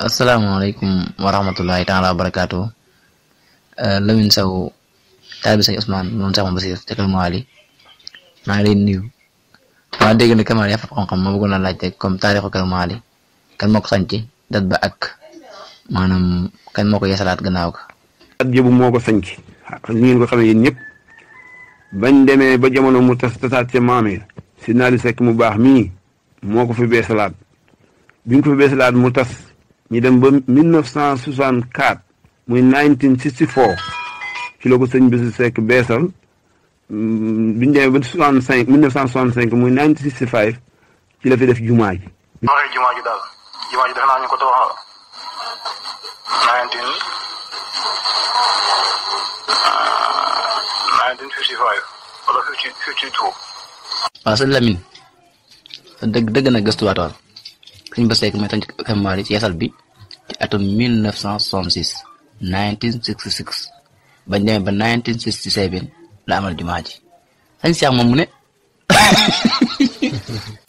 asalaamaaleykum wa rahmatullahi taala wa barakaatu eh, Lamine Sow taalibe sëñ Ousmane moom sax moom Basiir tegal Mali maa ngi lay nuyu waaw dégg na Kamal yaa fa xam-xam ma bëggoon a laajte comme taarixu Kër Mali kan moo ko sànci dat ba ak maanaam kan moo ko yeesalaat gannaaw ko. at jëbu moo ko sànci ñu ngeen ko xamee yéen ñëpp bañ demee ba jamono mu tas tasaat ca maam yi si naali sekk mu baax mii moo ko fi beesalaat biñ ko fi beesalaat mu tas. ñu dem ba 1964 muy 1964 ci la ko sëñ Bisi Seck beesal mm, bi ñu demee ba 65 1965 muy 1965 ci la fi def jumaa ji. maa ngi jumaa ji daal jumaa ji defe naa ñu ko tabaxal. 19 1955 ah, wala 52. waaw sëñ Lamine dëgg dëgg na gëstuwaatoon. Serigne Bass Seck mooy tànn Kamali ci yeesal bi ci atum 1966 1966 bañ demee 1967 la amal jumaa ji sañ mamune. moom mu ne.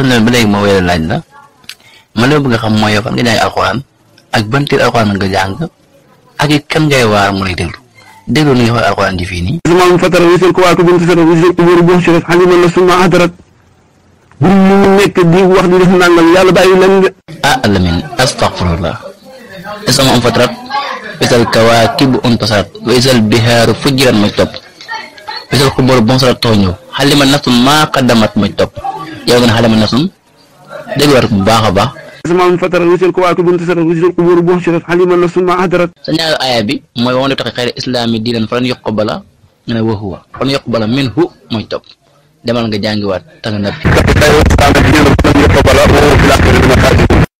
loolu ba léegi ma wéyal laaj la man li ma bëgg a xam mooy yow fan nga jaay alxuraan ak ban tiir nga jàng ak kan ngay waar mu lay déglu déglu ni nga fii nii. fatara sara suma mu di wax di alamin astaghfirullah isama um fatrat isal kawaakibu untasarat wa isal bihaaru fujjirat maj topp isal xubóor bonsarat tax ñëw xalima nafsun maa qaddamat maj topp yow nga ne xalima nafsun dégg war bu baax a baax isama um fatrat wa isal kawaakibu untasarat wa isal xubóor bonsarat xalima nafsun maa hadarat sa ñaaru aaya bi mooy wa man yabtaqi xayra islaami diinan falan yuqbala nga ne wa huwa falan yuqbala minhu maj topp demal nga jàngiwaat ta nga nappi